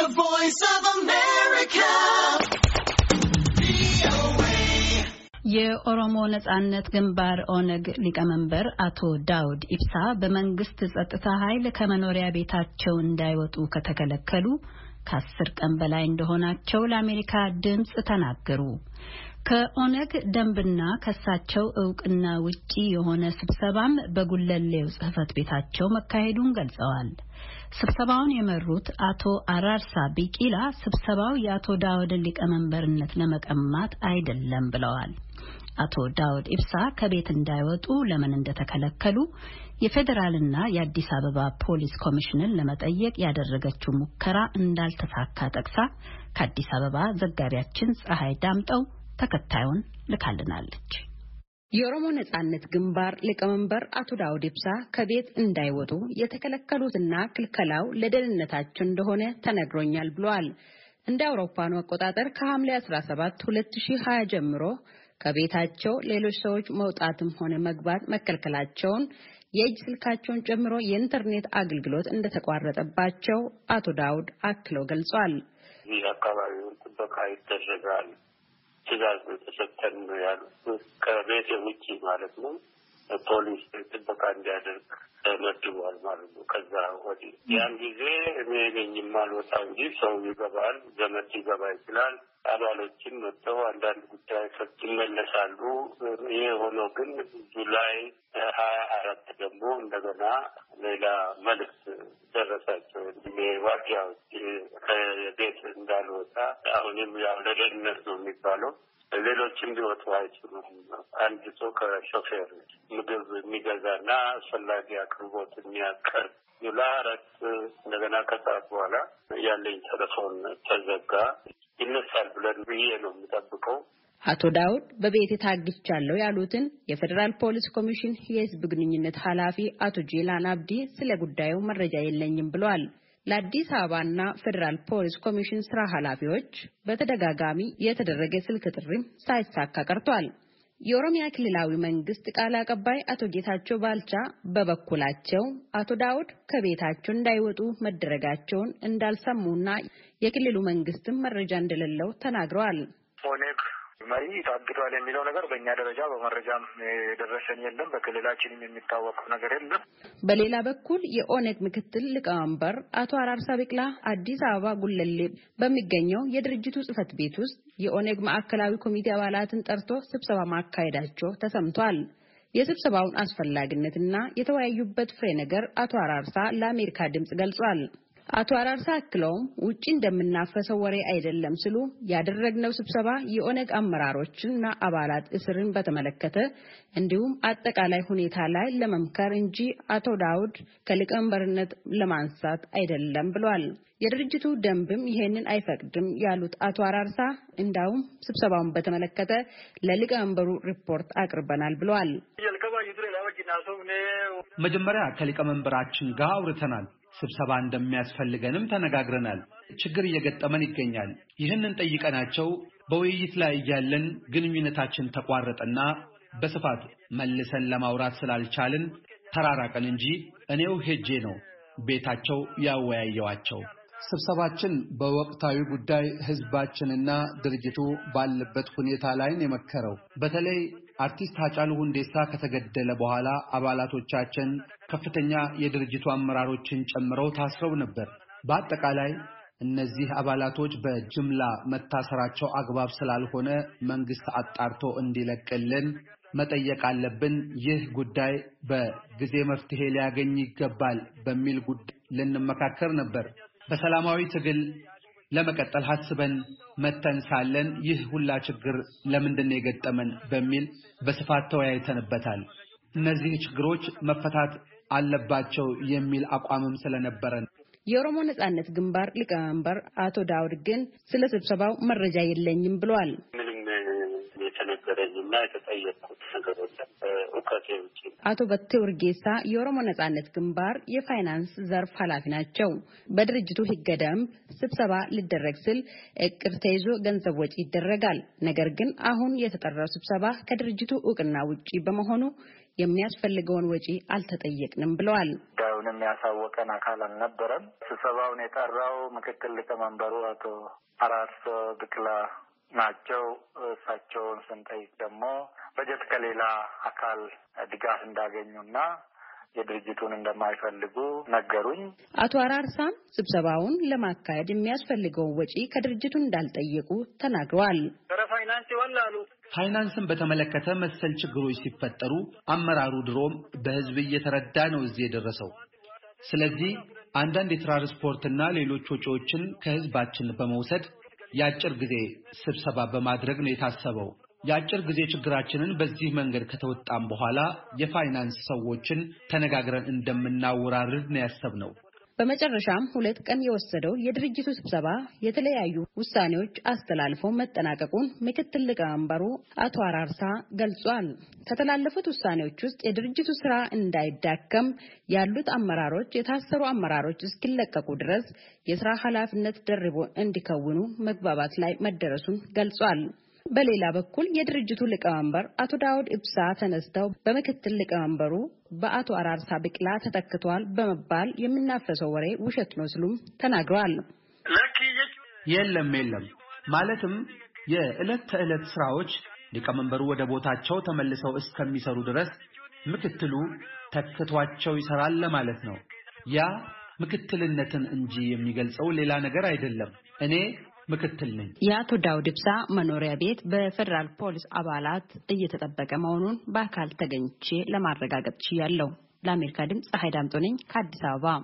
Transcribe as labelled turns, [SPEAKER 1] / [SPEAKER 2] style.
[SPEAKER 1] The Voice of America. የኦሮሞ ነጻነት ግንባር ኦነግ ሊቀመንበር አቶ ዳውድ ኢብሳ በመንግስት ጸጥታ ኃይል ከመኖሪያ ቤታቸው እንዳይወጡ ከተከለከሉ ከአስር ቀን በላይ እንደሆናቸው ለአሜሪካ ድምፅ ተናገሩ። ከኦነግ ደንብና ከሳቸው እውቅና ውጪ የሆነ ስብሰባም በጉለሌው ጽህፈት ቤታቸው መካሄዱን ገልጸዋል። ስብሰባውን የመሩት አቶ አራርሳ ቢቂላ ስብሰባው የአቶ ዳውድን ሊቀመንበርነት ለመቀማት አይደለም ብለዋል። አቶ ዳውድ ኢብሳ ከቤት እንዳይወጡ ለምን እንደተከለከሉ የፌዴራልና የአዲስ አበባ ፖሊስ ኮሚሽንን ለመጠየቅ ያደረገችው ሙከራ እንዳልተሳካ ጠቅሳ ከአዲስ አበባ ዘጋቢያችን ፀሐይ ዳምጠው ተከታዩን ልካልናለች። የኦሮሞ ነጻነት ግንባር ሊቀመንበር አቶ ዳውድ ኢብሳ ከቤት እንዳይወጡ የተከለከሉትና ክልከላው ለደህንነታቸው እንደሆነ ተነግሮኛል ብለዋል። እንደ አውሮፓኑ አቆጣጠር ከሐምሌ 17 2020 ጀምሮ ከቤታቸው ሌሎች ሰዎች መውጣትም ሆነ መግባት መከልከላቸውን የእጅ ስልካቸውን ጨምሮ የኢንተርኔት አገልግሎት እንደተቋረጠባቸው አቶ ዳውድ አክለው ገልጿል። ይህ አካባቢውን ጥበቃ ይደረጋል፣ ትእዛዝ ነው የተሰጠን
[SPEAKER 2] ነው ያሉት። ከቤት ውጭ ማለት ነው። ፖሊስ ጥበቃ እንዲያደርግ ተመድቧል ማለት ነው። ከዛ ወዲህ ያን ጊዜ እኔ ነኝ የማልወጣ እንጂ ሰው ይገባል፣ ዘመድ ይገባ ይችላል። አባሎችን መጥተው አንዳንድ ጉዳይ ሰት ይመለሳሉ። ይሄ ሆኖ ግን ጁላይ ሀያ አራት ደግሞ እንደገና ሌላ መልእክት ደረሳቸው። ዋጊያ ውጭ ከቤት እንዳልወጣ አሁንም ያው ለደህንነት ነው የሚባለው። ሌሎችም ሊወጡ አይችሉም። አንድ ሰው ከሾፌር ምግብ የሚገዛና አስፈላጊ አቅርቦት የሚያቀርብ ዩላ እንደገና ከሰዓት በኋላ ያለኝ ቴሌፎን ተዘጋ። ይነሳል ብለን ብዬ ነው የምጠብቀው።
[SPEAKER 1] አቶ ዳውድ በቤት ታግቻለሁ ያሉትን የፌዴራል ፖሊስ ኮሚሽን የሕዝብ ግንኙነት ኃላፊ አቶ ጄላን አብዲ ስለ ጉዳዩ መረጃ የለኝም ብለዋል። ለአዲስ አበባና ፌዴራል ፖሊስ ኮሚሽን ስራ ኃላፊዎች በተደጋጋሚ የተደረገ ስልክ ጥሪም ሳይሳካ ቀርቷል። የኦሮሚያ ክልላዊ መንግስት ቃል አቀባይ አቶ ጌታቸው ባልቻ በበኩላቸው አቶ ዳውድ ከቤታቸው እንዳይወጡ መደረጋቸውን እንዳልሰሙና የክልሉ መንግስትም መረጃ እንደሌለው ተናግረዋል።
[SPEAKER 2] ኦነግ መሪ ታግዷል የሚለው ነገር በእኛ ደረጃ በመረጃም የደረሰን የለም። በክልላችንም የሚታወቅ ነገር የለም።
[SPEAKER 1] በሌላ በኩል የኦነግ ምክትል ሊቀመንበር አቶ አራርሳ ቢቅላ አዲስ አበባ ጉለሌ በሚገኘው የድርጅቱ ጽህፈት ቤት ውስጥ የኦነግ ማዕከላዊ ኮሚቴ አባላትን ጠርቶ ስብሰባ ማካሄዳቸው ተሰምቷል። የስብሰባውን አስፈላጊነትና የተወያዩበት ፍሬ ነገር አቶ አራርሳ ለአሜሪካ ድምጽ ገልጿል። አቶ አራርሳ አክለውም ውጪ እንደምናፈሰው ወሬ አይደለም ሲሉ ያደረግነው ስብሰባ የኦነግ አመራሮችና አባላት እስርን በተመለከተ እንዲሁም አጠቃላይ ሁኔታ ላይ ለመምከር እንጂ አቶ ዳውድ ከሊቀመንበርነት ለማንሳት አይደለም ብሏል። የድርጅቱ ደንብም ይሄንን አይፈቅድም ያሉት አቶ አራርሳ እንዳውም ስብሰባውን በተመለከተ ለሊቀመንበሩ ሪፖርት አቅርበናል ብሏል።
[SPEAKER 2] መጀመሪያ ከሊቀመንበራችን ጋር አውርተናል። ስብሰባ እንደሚያስፈልገንም ተነጋግረናል። ችግር እየገጠመን ይገኛል። ይህንን ጠይቀናቸው በውይይት ላይ እያለን ግንኙነታችን ተቋረጠና በስፋት መልሰን ለማውራት ስላልቻልን ተራራቀን እንጂ እኔው ሄጄ ነው ቤታቸው ያወያየዋቸው። ስብሰባችን በወቅታዊ ጉዳይ ህዝባችንና ድርጅቱ ባለበት ሁኔታ ላይን የመከረው። በተለይ አርቲስት ሃጫሉ ሁንዴሳ ከተገደለ በኋላ አባላቶቻችን ከፍተኛ የድርጅቱ አመራሮችን ጨምረው ታስረው ነበር። በአጠቃላይ እነዚህ አባላቶች በጅምላ መታሰራቸው አግባብ ስላልሆነ መንግስት አጣርቶ እንዲለቅልን መጠየቅ አለብን። ይህ ጉዳይ በጊዜ መፍትሄ ሊያገኝ ይገባል በሚል ጉዳይ ልንመካከር ነበር። በሰላማዊ ትግል ለመቀጠል ሀስበን መተን ሳለን ይህ ሁላ ችግር ለምንድን የገጠመን በሚል በስፋት ተወያይተንበታል። እነዚህ ችግሮች መፈታት አለባቸው የሚል አቋምም ስለነበረን
[SPEAKER 1] የኦሮሞ ነጻነት ግንባር ሊቀመንበር አቶ ዳውድ ግን ስለ ስብሰባው መረጃ የለኝም ብሏል።
[SPEAKER 2] ምንም የተነገረኝና የተጠየቅኩት ውጭ።
[SPEAKER 1] አቶ በቴ ውርጌሳ የኦሮሞ ነጻነት ግንባር የፋይናንስ ዘርፍ ኃላፊ ናቸው። በድርጅቱ ሕገ ደንብ ስብሰባ ሊደረግ ስል እቅድ ተይዞ ገንዘብ ወጪ ይደረጋል። ነገር ግን አሁን የተጠራው ስብሰባ ከድርጅቱ እውቅና ውጪ በመሆኑ የሚያስፈልገውን ወጪ አልተጠየቅንም ብለዋል።
[SPEAKER 2] ጉዳዩን የሚያሳወቀን አካል አልነበረም። ስብሰባውን የጠራው ምክትል ሊቀመንበሩ አቶ አራርሶ ብቅላ ናቸው። እሳቸውን ስንጠይቅ ደግሞ በጀት ከሌላ አካል ድጋፍ እንዳገኙና የድርጅቱን እንደማይፈልጉ ነገሩኝ።
[SPEAKER 1] አቶ አራርሳም ስብሰባውን ለማካሄድ የሚያስፈልገውን ወጪ ከድርጅቱ እንዳልጠየቁ ተናግረዋል።
[SPEAKER 2] ፋይናንስን በተመለከተ መሰል ችግሮች ሲፈጠሩ አመራሩ ድሮም በህዝብ እየተረዳ ነው እዚህ የደረሰው። ስለዚህ አንዳንድ የትራንስፖርትና ሌሎች ወጪዎችን ከህዝባችን በመውሰድ የአጭር ጊዜ ስብሰባ በማድረግ ነው የታሰበው። የአጭር ጊዜ ችግራችንን በዚህ መንገድ ከተወጣም በኋላ የፋይናንስ ሰዎችን ተነጋግረን እንደምናወራርድ ነው ያሰብነው።
[SPEAKER 1] በመጨረሻም ሁለት ቀን የወሰደው የድርጅቱ ስብሰባ የተለያዩ ውሳኔዎች አስተላልፎ መጠናቀቁን ምክትል ሊቀመንበሩ አቶ አራርሳ ገልጿል። ከተላለፉት ውሳኔዎች ውስጥ የድርጅቱ ስራ እንዳይዳከም ያሉት አመራሮች የታሰሩ አመራሮች እስኪለቀቁ ድረስ የስራ ኃላፊነት ደርቦ እንዲከውኑ መግባባት ላይ መደረሱን ገልጿል። በሌላ በኩል የድርጅቱ ሊቀመንበር አቶ ዳውድ ኢብሳ ተነስተው በምክትል ሊቀመንበሩ በአቶ አራርሳ ብቅላ ተተክቷል በመባል የሚናፈሰው ወሬ ውሸት ነው ሲሉም ተናግረዋል። የለም የለም፣ ማለትም የዕለት ተዕለት ስራዎች
[SPEAKER 2] ሊቀመንበሩ ወደ ቦታቸው ተመልሰው እስከሚሰሩ ድረስ ምክትሉ ተክቷቸው ይሰራል ለማለት ነው። ያ ምክትልነትን እንጂ የሚገልጸው ሌላ ነገር አይደለም። እኔ ምክትል ነኝ።
[SPEAKER 1] የአቶ ዳውድ ብሳ መኖሪያ ቤት በፌዴራል ፖሊስ አባላት እየተጠበቀ መሆኑን በአካል ተገኝቼ ለማረጋገጥ ችያለሁ። ለአሜሪካ ድምፅ ፀሐይ ዳምጦ ነኝ ከአዲስ አበባ